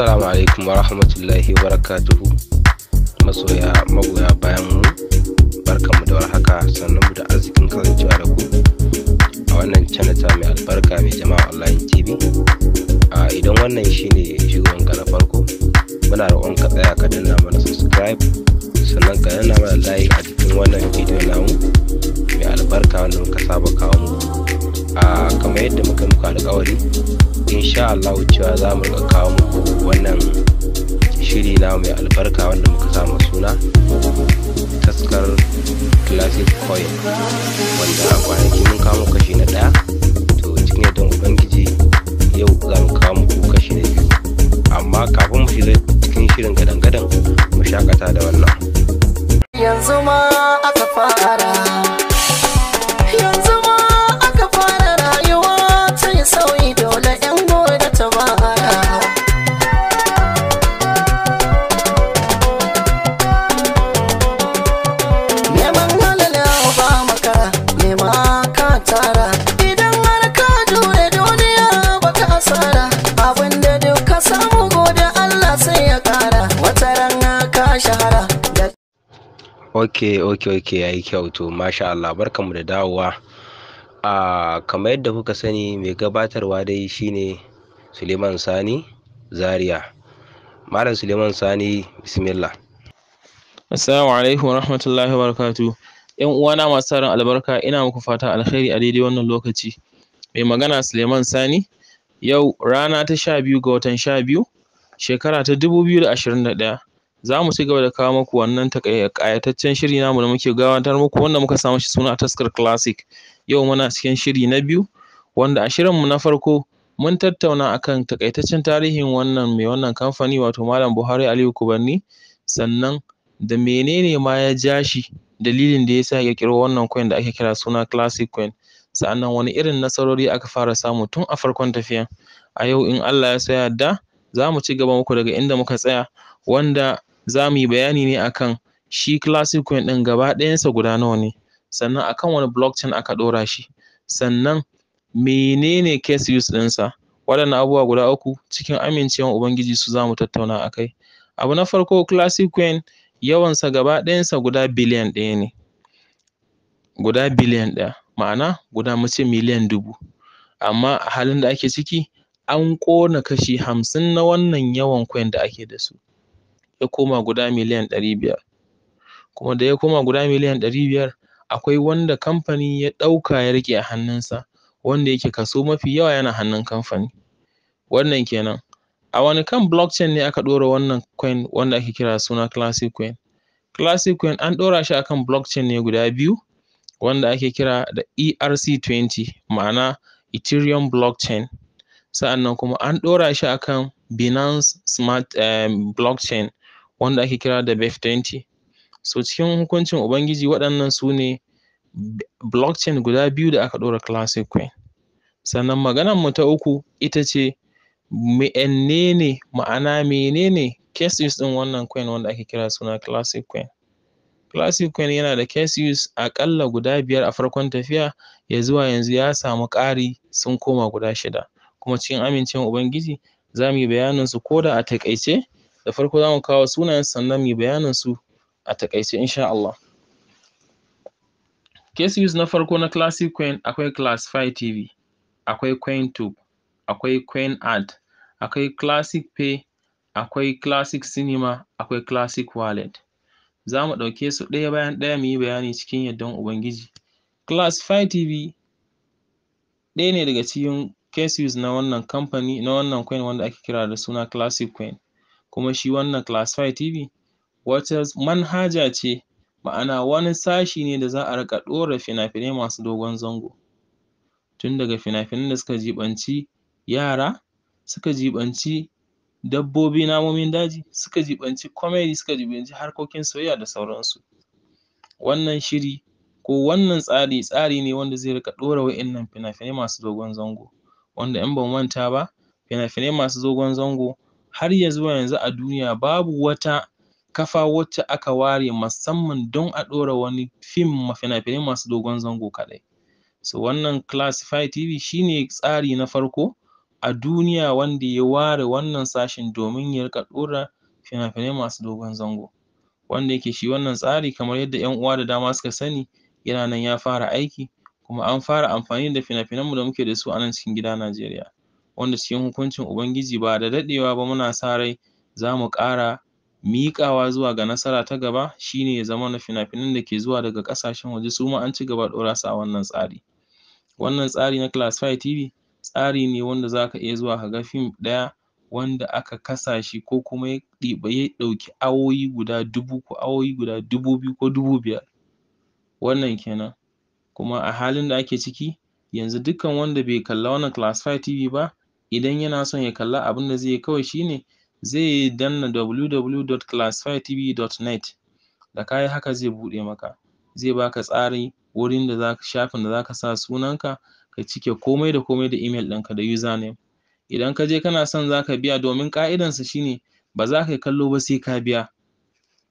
Assalamu alaikum wa rahmatullahi wa barakatuhu masoya magoya bayan mu mu da haka sannan mu da arzikin kasancewa da ku a wannan channel mai albarka mai jama'a online tv a idan wannan shine shigon ka na farko muna roƙon ka tsaya ka danna mana subscribe sannan ka danna mana like a cikin wannan bidiyo namu mai albarka wanda muka saba kawo mu a kamar yadda muka muka alƙawari insha Allah cewa za mu kawo muku wannan shiri na mai albarka wanda muka samu suna taskar classic coin wanda a kwanaki mun kamo kashi na daya to cikin yadda ubangiji yau za mu kawo muku kashi na biyu amma kafin mu shiga cikin shirin gadan-gadan mu shakata da wannan yanzu ma aka fara shahara ok ok ok ya yi kyau to masha Allah barkamu da dawowa a kamar yadda kuka sani mai gabatarwa dai shine suleiman sani zaria malam suleiman sani bismillah assalamu alaikum wa rahmatullahi wa barakatu yan uwana masu ran albarka ina muku fata alkhairi a daidai wannan lokaci mai magana suleiman sani yau rana ta sha biyu ga watan sha biyu shekara ta dubu biyu da ashirin da ɗaya Za mu ci gaba da kawo muku wannan ƙayataccen shiri namu da muke gabatar muku wanda muka samu shi suna Taskar Classic. Yau muna cikin shiri na biyu wanda a shirin mu na farko mun tattauna akan taƙaitaccen tarihin wannan mai wannan kamfani wato Malam Buhari Aliyu Kubanni sannan da menene ma ya ja shi dalilin da ya sa ya ƙirƙiro wannan coin da ake kira suna Classic coin. Sa'annan wani irin nasarori aka fara samu tun a farkon tafiyan. A yau in Allah ya so ya yarda za mu ci gaba muku daga inda muka tsaya wanda za mu yi bayani ne akan shi classic coin ɗin gaba ɗayansa guda nawa ne sannan akan wani blockchain aka ɗora shi sannan menene case use ɗinsa waɗannan abubuwa guda uku cikin amincewan ubangiji su za mu tattauna a kai abu na farko classic coin yawansa gaba ɗayansa guda biliyan ɗaya ne guda biliyan ɗaya ma'ana guda mu ce miliyan dubu amma a halin da ake ciki an ƙona kashi hamsin na wannan yawan coin da ake da su ya koma guda miliyan ɗari biyar. Kuma da ya koma guda miliyan ɗari biyar akwai wanda kamfani ya ɗauka ya riƙe a hannunsa wanda yake kaso mafi yawa yana hannun kamfani. Wannan kenan. A wani kan blockchain ne aka ɗora wannan coin wanda ake kira suna classic coin? Classic coin an ɗora shi akan blockchain ne guda biyu wanda ake kira da ERC20 ma'ana Ethereum blockchain. Sa'annan kuma an ɗora shi akan Binance Smart um, blockchain wanda ake kira da BEF20. So cikin hukuncin Ubangiji waɗannan su ne blockchain guda biyu da aka ɗora Classic Coin. Sannan maganan mu ta uku ita ce menene ma'ana menene case use ɗin wannan coin wanda ake kira suna Classic Coin. Classic Coin yana da case use aƙalla guda biyar a farkon tafiya ya zuwa yanzu ya samu ƙari sun koma guda shida. Kuma cikin amincewan Ubangiji za mu yi su ko da a taƙaice da farko za mu kawo sunayen sannan mu bayanin su a takaice insha Allah case use na farko na classic coin akwai classify tv akwai coin tube akwai coin ad akwai classic pay akwai classic cinema akwai classic wallet za mu ɗauke su ɗaya bayan ɗaya mu yi bayani cikin yardan ubangiji classify tv ɗaya ne daga cikin use na wannan kamfani na wannan coin wanda ake kira da suna classic coin kuma shi wannan classified TV wata manhaja ce ma'ana wani sashi ne da za a riƙa ɗora fina-finai masu dogon zango tun daga fina-finan da suka jiɓanci yara suka jiɓanci dabbobi namomin daji suka jiɓanci comedy suka jiɓanci harkokin soyayya da sauransu wannan shiri ko wannan tsari tsari ne wanda zai riƙa ɗora wa'innan fina-finai masu dogon zango wanda in ban manta ba fina-finai masu dogon zango har ya zuwa yanzu a duniya babu wata kafa wacce aka ware musamman don a ɗora wani fim fina-finai masu dogon zango kaɗai. So wannan Classify TV shine tsari na farko a duniya wanda ya ware wannan sashin domin ya riƙa ɗora fina-finai masu dogon zango. Wanda yake shi wannan tsari kamar yadda yan uwa da dama suka sani yana nan ya fara aiki kuma an fara amfani da fina-finanmu da muke da su a nan cikin gida Najeriya. wanda cikin hukuncin Ubangiji ba da daɗewa ba muna sa rai za mu ƙara miƙawa zuwa ga nasara ta gaba shi ne ya na fina-finan da ke zuwa daga ƙasashen waje su ma an ci gaba da ɗora su a wannan tsari. Wannan tsari na classified TV tsari ne wanda za ka iya zuwa ka ga fim ɗaya wanda aka kasa shi ko kuma ya ɗauki awowi guda dubu ko awowi guda dubu biyu ko dubu biyar. Wannan kenan. Kuma a halin da ake ciki yanzu dukkan wanda bai kalla wannan classified TV ba idan yana son ya kalla abin da zai yi kawai shine zai danna www.classifytv.net da ka yi haka zai buɗe maka zai baka tsari wurin da shafin da zaka sa sunanka ka cike komai da komai da email ɗinka da username idan ka je kana son zaka biya domin ƙa'idansa shine ba za ka yi kallo ba sai ka biya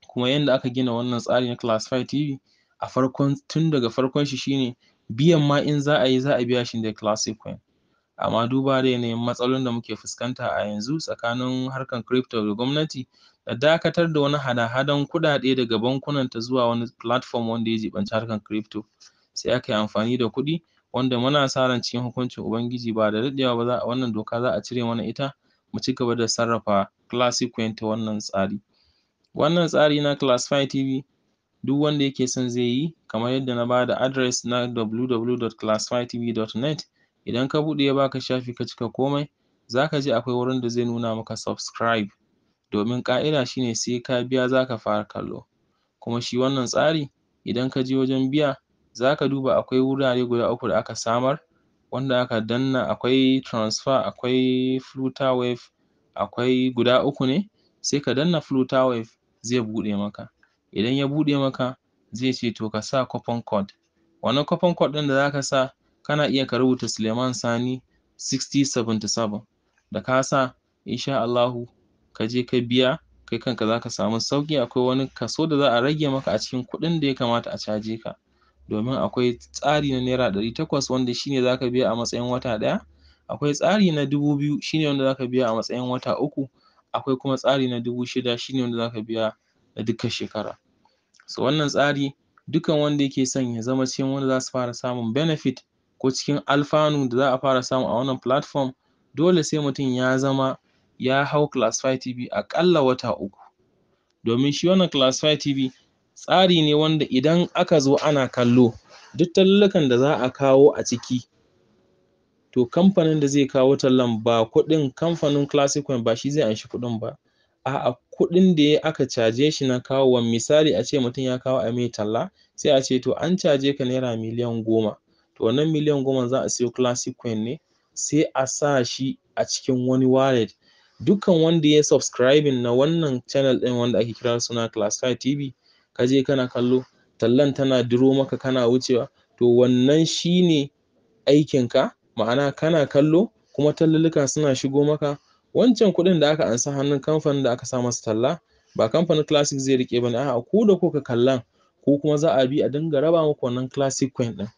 kuma yanda aka gina wannan tsari na classified TV a farkon tun daga farkon shi shine biyan ma in za a yi za a biya shi ne da classic coin amma duba da yanayin matsalolin da muke fuskanta a yanzu tsakanin harkan crypto da gwamnati da dakatar da wani hada-hadan kuɗaɗe daga bankunanta zuwa wani platform wanda ya jiɓanci harkan crypto sai aka yi amfani da kuɗi wanda muna sa ran cikin hukuncin ubangiji ba da daɗewa ba za wannan doka za a cire mana ita mu cigaba da sarrafa classic coin ta wannan tsari wannan tsari na classify tv duk wanda yake son zai yi kamar yadda na bada address na net Idan ka buɗe ya baka shafi ka cika komai zaka ji akwai wurin da zai nuna maka subscribe domin ƙa'ida shi ne sai ka biya zaka fara kallo. Kuma shi wannan tsari idan ka je wajen biya zaka duba akwai wurare guda uku da aka samar wanda aka danna akwai transfer, akwai flutterwave, akwai guda uku ne sai ka danna flutterwave zai buɗe maka. Idan ya buɗe maka zai ce to ka sa coupon code. Wannan coupon code ɗin da zaka sa kana iya ka rubuta Suleiman Sani 6077 da ka sa insha Allahu ka je ka biya kai kanka za ka samu sauki akwai wani kaso da za a rage maka a cikin kuɗin da ya kamata a caje ka domin akwai tsari na naira ɗari takwas wanda shi ne za ka biya a matsayin wata ɗaya akwai tsari na dubu biyu shi ne wanda za ka biya a matsayin wata uku akwai kuma tsari na dubu shida shi ne wanda za ka biya na dukkan shekara so wannan tsari dukkan wanda yake son ya zama cikin wanda za su fara samun benefit ko cikin alfanu da za a fara samu a wannan platform dole sai mutum ya zama ya hau classified TV aƙalla wata uku domin shi wannan classified TV tsari ne wanda idan aka zo ana kallo duk tallukan da za a kawo a ciki to kamfanin da zai kawo tallan ba kuɗin kamfanin classic ba shi zai amshi kuɗin ba a'a kuɗin da ya aka caje shi na kawowan misali a ce mutum ya kawo a mai talla sai a ce to an caje ka naira miliyan goma to wannan miliyan goma za a siyo classic coin ne sai a sa shi a cikin wani wallet dukkan wanda ya subscribing na wannan channel ɗin wanda ake kira suna classified tv ka je kana kallo tallan tana diro maka kana wucewa to wannan shine ka, ma'ana kana kallo kuma tallulluka suna shigo maka wancan kuɗin da aka ansa hannun kamfanin da aka sa masa talla ba kamfanin classic zai rike ne, a'a ko da ko ka kallan ko kuma za a bi a dinga raba maka wannan classic coin ɗin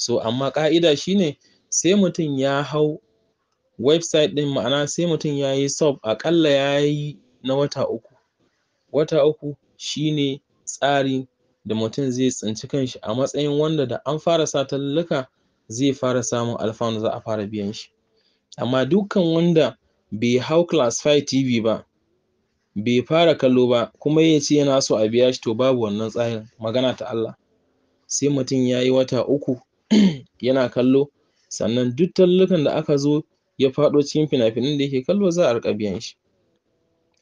so amma ƙa'ida shine sai mutum ya hau website ɗin ma'ana sai mutum ya yi sub aƙalla ya yi na wata uku wata uku shine tsari da mutum zai tsinci kanshi a matsayin wanda da an fara sa talluka zai fara samun alfanu za a fara biyan shi amma dukkan wanda bai hau classified tv ba bai fara kallo ba kuma ya ce yana so a biya shi to babu wannan tsarin magana ta Allah sai mutum ya yi wata uku yana kallo sannan duk tallukan da aka zo ya faɗo cikin fina-finan da yake kallo za a riƙa biyan shi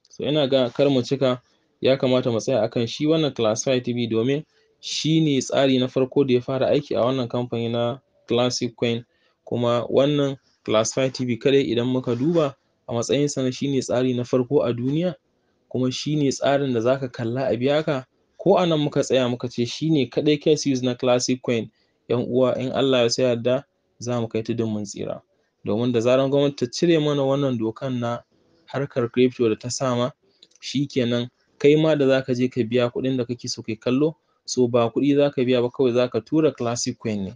so ina ga kar mu cika ya kamata mu tsaya akan shi wannan classified tv domin shi ne tsari na farko da ya fara aiki a wannan kamfani na classic coin kuma wannan classified tv kadai idan muka duba a matsayinsa na shi ne tsari na farko a duniya kuma shi ne tsarin da zaka kalla a biya ka ko a nan muka tsaya muka ce shi ne kadai case na classic coin 'yan uwa in Allah ya sa yarda za mu kai tudun mun tsira domin da zarar gwamnati ta cire mana wannan dokan na harkar crypto da ta sa ma shi shikenan kai ma da zaka je ka biya kuɗin da kake so kai kallo so ba kuɗi zaka biya ba kawai zaka tura classic coin ne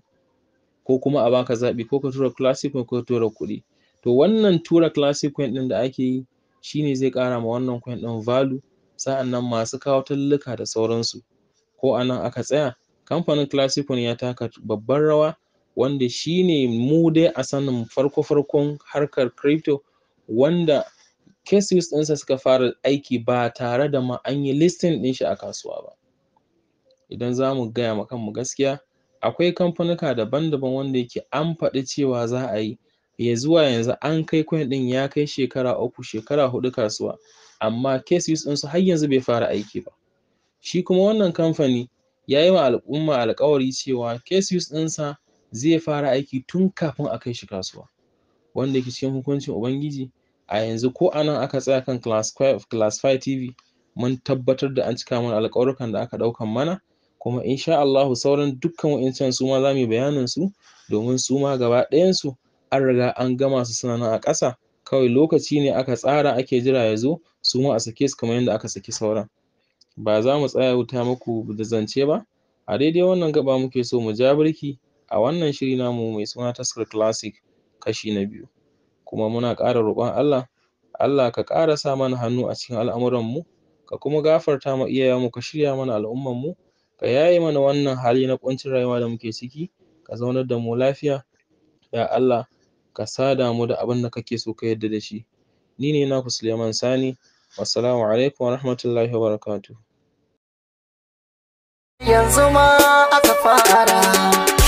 ko kuma a baka zaɓi ko ka tura classic coin ko ka tura kuɗi to wannan tura classic coin ɗin da ake yi shi ne zai ƙara ma wannan coin ɗin value sa'annan masu kawo talluka da sauransu ko a nan aka tsaya kamfanin classiphone ya taka babbar rawa wanda shi ne mu dai a sanin farko-farkon harkar crypto wanda cases ɗinsa suka fara aiki ba tare da ma an yi listing ɗin shi a kasuwa ba idan za mu gaya ma kanmu gaskiya akwai kamfanuka daban-daban wanda yake an faɗi cewa za a yi ya zuwa yanzu an kai coin ɗin ya kai shekara uku shekara huɗu kasuwa amma cases ɗinsu har yanzu bai fara aiki ba shi kuma wannan kamfani ya yi wa al'umma alkawari cewa casus ɗinsa zai fara aiki tun kafin a kai shi kasuwa wanda ke cikin hukuncin ubangiji a yanzu ko a nan aka tsaya kan classify tv mun tabbatar da an cika mana alkawarukan da aka ɗaukan mana kuma insha Allahu sauran dukkan wa'incan su ma za mu bayanin su domin su ma gaba ɗayansu an riga an gama su suna nan a ƙasa kawai lokaci ne aka tsara ake jira ya zo su ma a sake su kamar yadda aka saki sauran ba za mu tsaya wuta muku da zance ba a daidai wannan gaba muke so mu ja birki a wannan shiri namu mai suna taskar classic kashi na biyu kuma muna ƙara roƙon Allah Allah ka ƙara sa mana hannu a cikin al'amuran mu ka kuma gafarta ma mu ka shirya mana mu ka yaye mana wannan hali na ƙuncin rayuwa da muke ciki ka zaunar da mu lafiya ya Allah ka sada mu da abin da kake so ka yarda da shi ni ne naku Suleiman Sani Wassalamu alaikum wa rahmatullahi wa Yanzu ma aka fara.